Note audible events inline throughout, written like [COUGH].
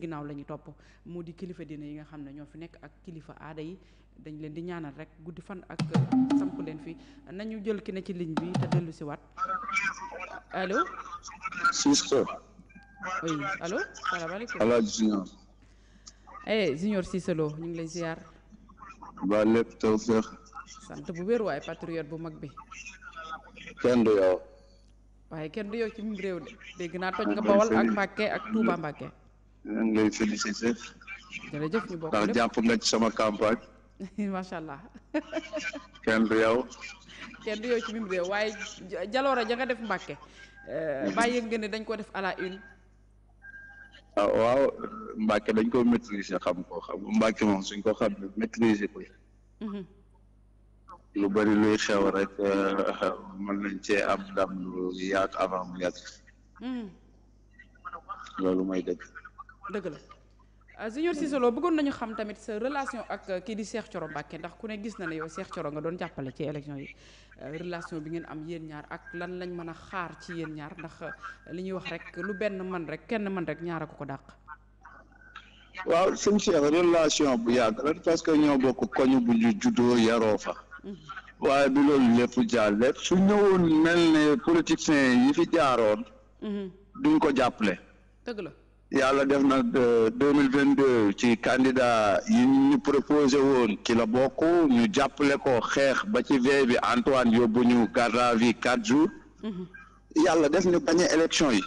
ginnaaw la topp moo di kilifa diine yi nga xam ne ñoo fi nekk ak kilifa aada yi dañ leen di ñaanal rek guddi fan ak uh, samp leen fi nañu jël ki ne ci liñ bi te dellu si waat allo Cissé oui junior eh ñu ngi lay ziar ba lépp sant bu wér waaye patriote bu mag bi kenn du waaye kenn du yow ci mim réew de dégg naa toj nga bawal ak Mbàkke ak Tuuba Mbàkke ñu ngi lay félicité. ndax jàpp nga ci sama campagne. [LAUGHS] macha allah. kenn du ci mim réew waaye jaloora ja nga def Mbàkke. Euh, mm-hmm. bàyyi yëg nga ne dañ koo def à la une. Ah, waaw Mbàkke dañ ko maîtriser xam ko xam Mbàkke moom suñ koo xam ne maîtriser mm-hmm. lu bari luy xew rek euh, mën nañ cee am ndam lu yàgg avant mu yàgg. Mm-hmm. loolu mooy dëgg. dëgg la euh, Junior si solo bëggoon nañu xam tamit sa relation ak euh, kii di seex Thioro Mbacké ndax ku ne gis na ne yow Cheikh Thioro nga doon jàppale ci élection yi euh, relation bi ngeen am yéen ñaar ak lan lañ mën a xaar ci yéen ñaar ndax li ñuy wax rek lu benn man rek kenn man rek ñaar a ko dàq. waaw sëñ Cheikh relation bu yàgg la parce que ñoo bokk koñu bu ñu juddoo yaroo fa. Mhm. waaye bi loolu lépp jàllee su ñëwoon mel ne politiciens yi fi jaaroon. Mhm. duñ ko jàppale. dëgg la. yàlla def na euh, deux mille vingt deux ci candidat yi ñu proposé woon ci la bokk ñu jàppale ko xeex ba ci veille bi Antoine yóbbu ñu garde à vue quatre jours mhm. yàlla def ñu gagné élection yi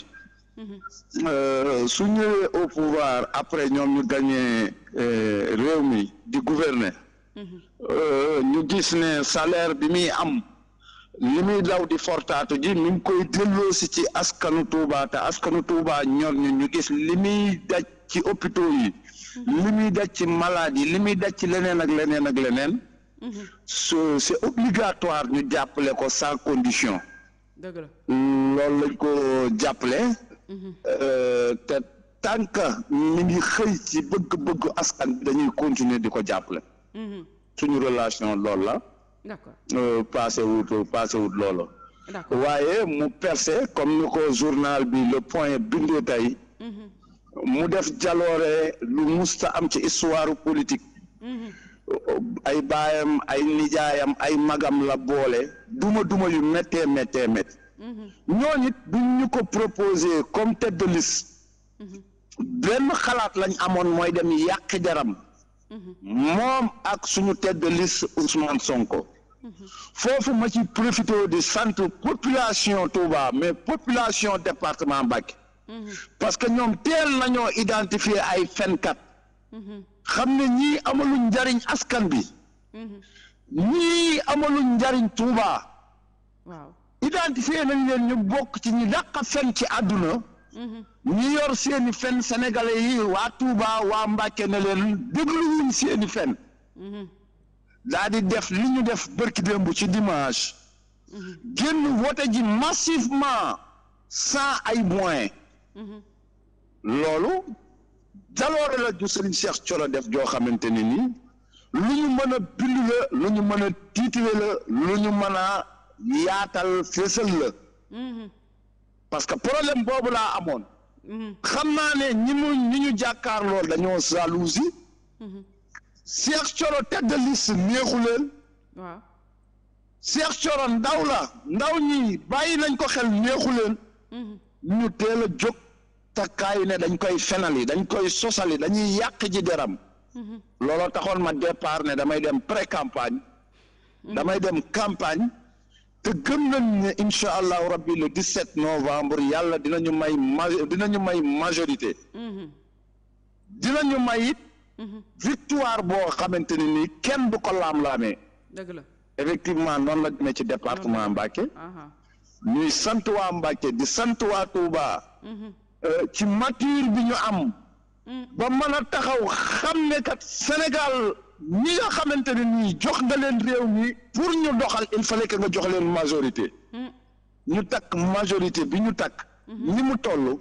mhm. euh, su ñëwee au pouvoir après ñoom ñu gagné euh, réew mi di gouverner mhm. ñu gis ne salaire bi muy am li muy daw di fortaatu ji mi ngi koy delloosi ci askanu Touba te askanu Touba ñor ñu gis li muy daj ci hôpitaux yi li muy daj ci malade yi li muy daj ci leneen ak leneen ak leneen so c'est obligatoire ñu jàppale ko saa condition dëgg la lañ ko jàppale euh, te tant que mi ngi xëy ci bëgg-bëgg askan dañuy continuer di ko jàppale mm-hmm. suñu relation loolu la d'accord euh, passé wut passé wut loolu waaye mu percé comme ni ko journal bi le point bindee mhm. mu def jaloore lu musta am ci histoire politique mhm. ay baayam ay nijaayam ay magam la boole duma duma yu méttee méttee métt mhm. ñooñu it buñ ñu ko proposé comme tête de benn xalaat lañ amoon mooy dem yàq jaram moom ak suñu tête de liste Ousmane Sonko foofu ma ci profité di sant population Touba mais population département Mbacké parce que ñoom teel nañoo identifier ay fenkat xam ne ñii amaluñ njariñ askan bi ñii amaluñ njariñ Touba waaw identifier nañ leen ñu bokk ci ñu dàq fen ci adduna ñi yor seeni fen sénégalais yi waa Touba waa Mbacké ne leen dégluwuñ seeni fen daa di def li ñu def bërki bu ci dimanche génn vote ji massivement sans ay moyens loolu jaloore la ju Serigne Cheikh Thioro def joo xamante ne nii lu ñu mën a bind la lu ñu mën a tiitile la lu ñu mën a yaatal fésal la parce que problème boobu laa amoon mm-hmm. xam naa ne ñi mu ñi ñu jàkkaar lool dañoo jalousie mm-hmm. Cheikh coro tête de liste leen. waaw Cheikh Thioro ndaw la ndaw ñi bàyyi nañ ko xel neexu leen. Mhm. ñu teel a jóg takkaay ne dañ koy fenali dañ koy sosali dañuy yàq ji deram. Mhm. looloo taxoon ma départ ne damay dem pré campagne. Mhm. damay dem campagne. te gëm nañ ne incha allahu rabbi le 17 novembre yàlla dinañu may dinañu may majorité. dinañu may it. victoire boo xamante ne nii kenn du ko laam-laamee. la effectivement noonu la ne ci département Mbacké. ñuy sant waa Mbacké di sant waa Touba. Mhm. Euh, ci mature bi ñu am. Mm. ba mën a taxaw xam ne kat Sénégal ñi nga xamante ne nii jox nga leen réew mi pour ñu doxal il fallait que nga jox leen majorité. Mm. ñu takk majorité bi ñu takk. Mhm. ni mu toll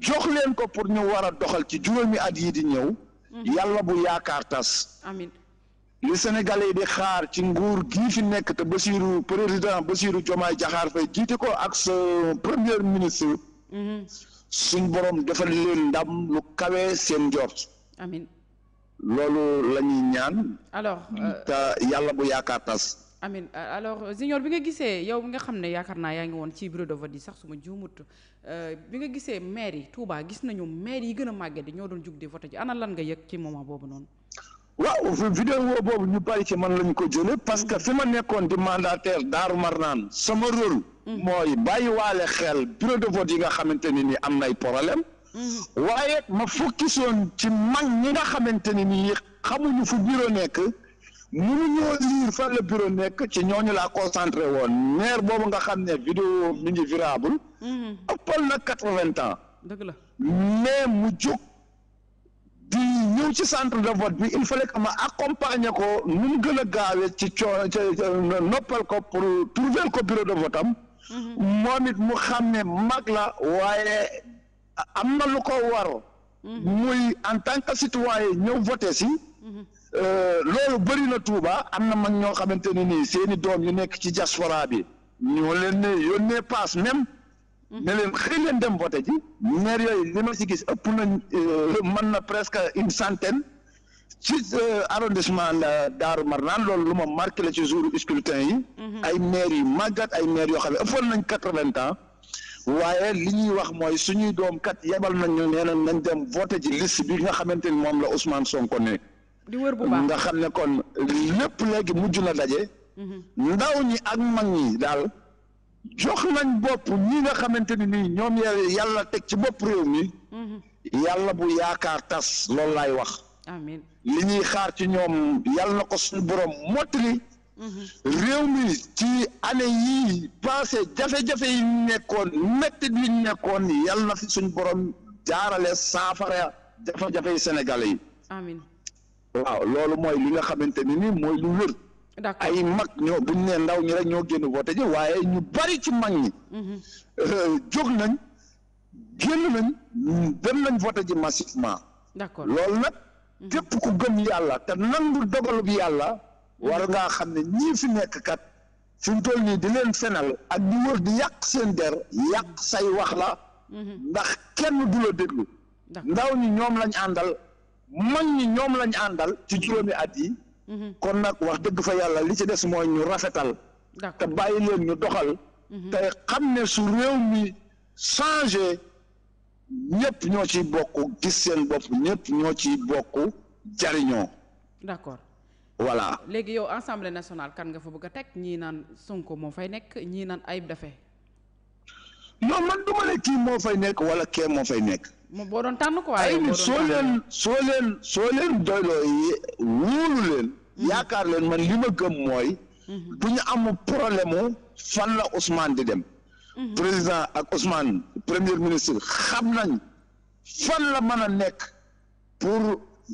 jox leen ko pour ñu war doxal ci juróomi at yii di ñëw. Mhm. yàlla bu yaakaar tas. amiin li Sénégalais di xaar ci nguur gii fi nekk te Bassirou président Bassirou Diomaye Diakhar Faye jiite ko ak sa premier ministre. Mhm. suñ borom defal leen ndam lu kawee seen njort. amiin loolu la ñaan. alors euh, te yàlla bu yaakaar tas. amin alors euh, Junior bi nga gisee yow bi nga xam ne yaakaar naa yaa ngi woon ci bureau de vote yi sax su ma juumut euh, bi nga gisee maire yi Touba gis nañu maire yi gën a màgget di ñoo doon jug di vote ji ana lan nga yëg ci moment boobu noonu. waaw vidéo boobu ñu bari ci man lañu ko jële parce que mm-hmm. fi ma nekkoon di mandataire Daaru Marnaan sama rôle. Mm-hmm. mooy bàyyiwaale xel bureau de vote yi nga xamante ne ni am nay problème. Mm-hmm. waaye ma focus woon ci mag ñi nga xamante ne ni xamuñu fu bureau nekk. mënuñoo lire fan la bureau nekk ci ñooñu laa concentré woon maire boobu nga xam ne vidéo mi ngi virable mhm. ëppal na quatre-vingts ans dëgg la mais mu jóg di ñëw ci centre de vote bi il fallait que ma accompagner ko nu mu gën a gaawee ci coo ci noppal ko pour trouver ko bureau de vote am mhm. moom it mu xam ne mag la waaye am na lu ko war mhm. muy en tant que citoyen ñëw voté si Euh, loolu bëri na Touba am na mag ñoo xamante ne nii seeni doom yu nekk ci diaspora bi ñoo leen ne yónnee paas même mm-hmm. ne leen xëy leen dem vote ji maire yooyu li ma si gis ëpp nañ euh, mën na presque une centaine ci euh, arrondissement daar Daaru Marnaan loolu lu ma marqué la ci jour scrutin yi mm-hmm. ay maire yu màggat ay meer yoo xam ne ëppoon nañ quatre-vingts ans waaye li ñuy wax mooy suñuy doom kat yebal nañ ñu nee nañ nañ dem vote ji liste bi nga xamante ni moom la Ousmane Sonko nekk di wër nga xam ne kon lépp léegi mujj na daje. ndaw ñi ak mag ñi daal jox nañ bopp ñi nga xamante ni nii ñoom yàlla teg ci bopp réew mi. yàlla bu yaakaar tas loolu laay wax. amiin li ñuy xaar ci ñoom yàlla na ko suñu borom mottali. réew mi ci année yii passé jafe-jafe yi nekkoon métti bi nekkoon yàlla na fi suñu borom jaarale saafara jafe-jafe yi Sénégalais yi. waaw loolu mooy li nga xamante ni nii mooy lu wér. ay mag ñoo bu ñu nee ndaw ñi rek ñoo génn voté ji waaye ñu bari ci mag ñi. Mhm. Euh, jóg nañ génn nañ dem nañ voté ji massivement. d'accord loolu nag. Mhm. képp ku gëm yàlla te nangu dogalub yàlla. Mhm. war ngaa xam ne ñii fi nekk kat fi mu toll nii di leen fenal ak di wër di yàq seen der yàq say wax la. ndax kenn du la déglu. ndaw ñi ñoom lañ àndal. mag ñi ñoom lañu àndal ci mm-hmm. juróomi at yi mm-hmm. kon nag wax dëgg fa yàlla li ci des mooy ñu rafetal te bàyyi leen ñu doxal mm-hmm. te xam ne su réew mi changé ñëpp ñoo ci bokk gis seen bopp ñëpp ñoo ci bokk jariñoo d'accord voilà léegi yow assemblée nationale kan nga fa bëgg a teg ñii naan Sonko moo fay nekk ñii naan Ayib Daffé non man du ma ne kii moo fay nekk wala kee moo fay nekk. moom boo doon tànn quoi. ay nit soo leen soo leen soo leen doyloo yi leen. Hmm. yaakaar leen man li ma gëm mooy. Hmm. bu ñu am problème fan la Ousmane di dem. Hmm. président ak Ousmane premier ministre xam nañ fan la mën a nekk pour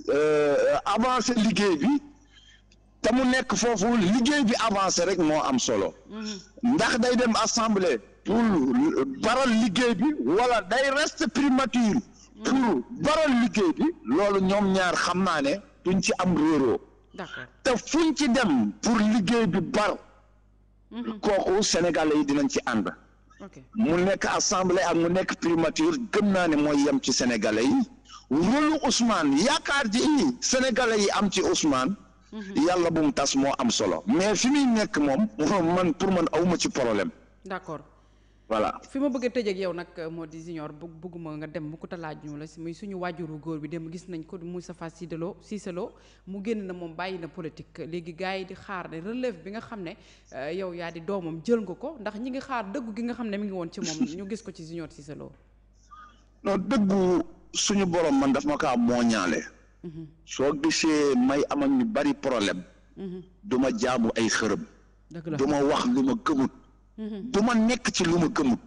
euh, avancer liggéey bi te mu nekk foofu liggéey bi avancer rek moo am solo. ndax day dem assemblée. pour baral liggéey bi wala day reste primature pour baral liggéey bi loolu ñoom ñaar xam naa ne duñ ci am réeroo te fuñ ci dem pour liggéey bi bar mm-hmm. kooku sénégalais yi dinañ ci ànd mu nekk assemblée ak mu nekk primature gëm naa ne mooy yem ci sénégalais yi rôlu Ousmane yaakaar ji sénégalais yi am ci Ousmane mm-hmm. yàlla bu mu tas moo am solo mais fi muy nekk moom [LAUGHS] man pour man awma ci problème d'accord voilà fi ma bëgg a tëj ak yow nag euh, moo di junior bëgguma nga dem mu ko talaaj ñu la muy suñu waajuru góor bi dem gis nañ ko si Moustapha si Cissalo mu génn na moom bàyyi na politique léegi gars yi di xaar ne relève bi nga xam ne euh, yow yaa di doomam jël nga ko ndax ñi ngi xaar dëggu gi nga xam ne mu ngi woon ci moom ñu gis ko ci junior Cissalo non dëggu suñu borom man daf ma kaa moo ñaale mhm. soo gisee may amañ ñu bari problème mhm. du ma jaamu ay xërëm du ma wax lu ma du mm-hmm. ma nekk ci lu ma gëmut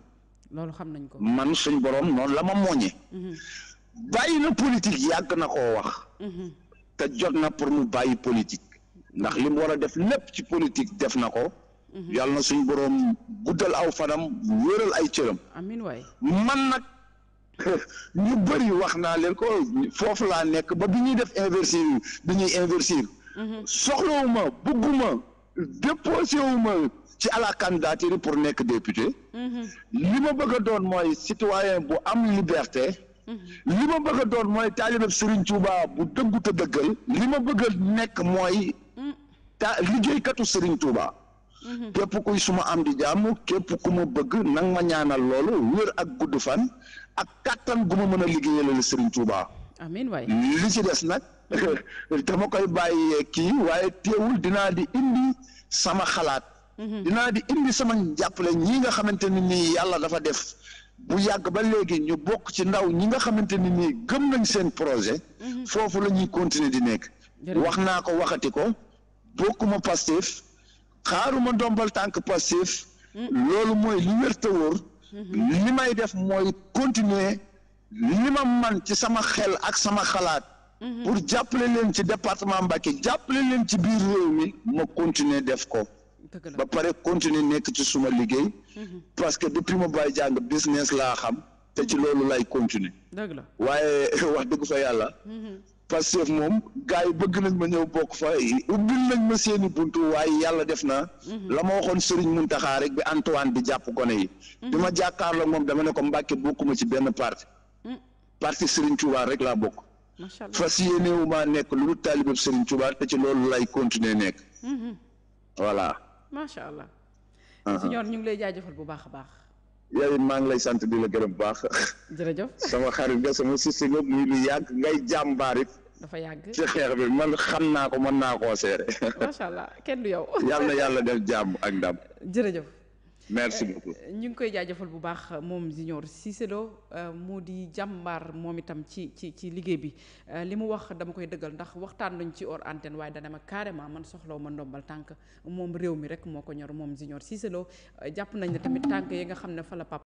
loolu xam nañ ko man suñ borom noonu la ma mooñe mm-hmm. bàyyi na politique yàgg na koo wax mm-hmm. te jot na pour mu bàyyi politique ndax li mu war a def lépp ci politique def na ko yàlla na suñ borom guddal aw fanam wéral ay cëram amiin waay man nag [LAUGHS] ñu bëri wax naa leen ko foofu laa nekk ba bi ñuy def investir bi ñuy investir soxlawuma bugguma déposé ci à la candidature pour nekk député. li ma bëgg a doon mooy citoyen bu am liberté. li ma bëgg a doon mooy taalibe Serigne Touba bu dëggu te dëggal. li ma bëgg nekk mooy. liggéeykatu Serigne Touba. képp kuy suma am di jàmm képp ku ma bëgg nang ma ñaanal loolu wér ak gudd fan ak kàttan gu ma mën a liggéeyalal Serigne Touba. amiin waay li ci des nag [LAUGHS] dama koy bàyyi kii waaye teewul dinaa di indi sama xalaat. Mhm. dinaa di indi sama jàppale ñii nga xamante ne nii yàlla dafa def bu yàgg ba léegi ñu bokk ci ndaw ñi nga xamante ni nii gëm nañ seen projet. Mhm. foofu la ñuy continuer di nekk. wax naa ko waxati ko bokkuma Pastef xaaruma dompal tànk Pastef. Mhm. loolu mooy li li may def mooy continuer li ma man ci sama xel ak sama xalaat. pour jàppale leen ci département Mbacké jàppale leen ci biir réew mi ma continuer def ko. ba pare continuer nekk ci suma liggéey. parce que depuis ma bàyyi jàng business laa xam. te ci loolu lay continuer. dëgg la waaye [LAUGHS] wax dëgg fa yàlla. Mhm. parce moom gars yi bëgg nañ ma ñëw bokk fa ubbil nañ ma seeni buntu yàlla def na. Mhm. la ma waxoon Serigne Mountakha rek bi Antoine di jàpp gone yi. Mhm. bi ma jàkkaarloo moom dama ne ko Mbàkke bokkuma ci benn parti. parti Serigne Touba rek laa bokk. macha allah fas yéenewu nekk lu taalibeeb Serigne Touba te ci loolu lay continuer nekk. voilà. macha allah. sëñor ah, ah. ñu ngi lay jaajëfal bu baax a baax. yow maa ngi lay sant di la gërëm bu baax. jërëjëf sama xarit nga sama siste nga muy lu yàgg ngay jàmbaar it. dafa yàgg ci xeex bi man xam naa ko mën naa koo seere. macha allah kenn du yow. yàlla na yàlla def jàmm ak ndam. jërëjëf. merci euh, ñu ngi koy jaajafal bu baax euh, moom Junior Cissé Lo euh, mu di jàmbaar moom itam ci ci ci liggéey bi li mu wax dama koy dëggal ndax waxtaan nañ ci or antenne waaye dana ma carrément man soxlaw ma ndombal tànk moom réew mi rek moo ko ñor moom Junior Cissé Lo jàpp nañ ne tamit tànk yi nga xam ne fa la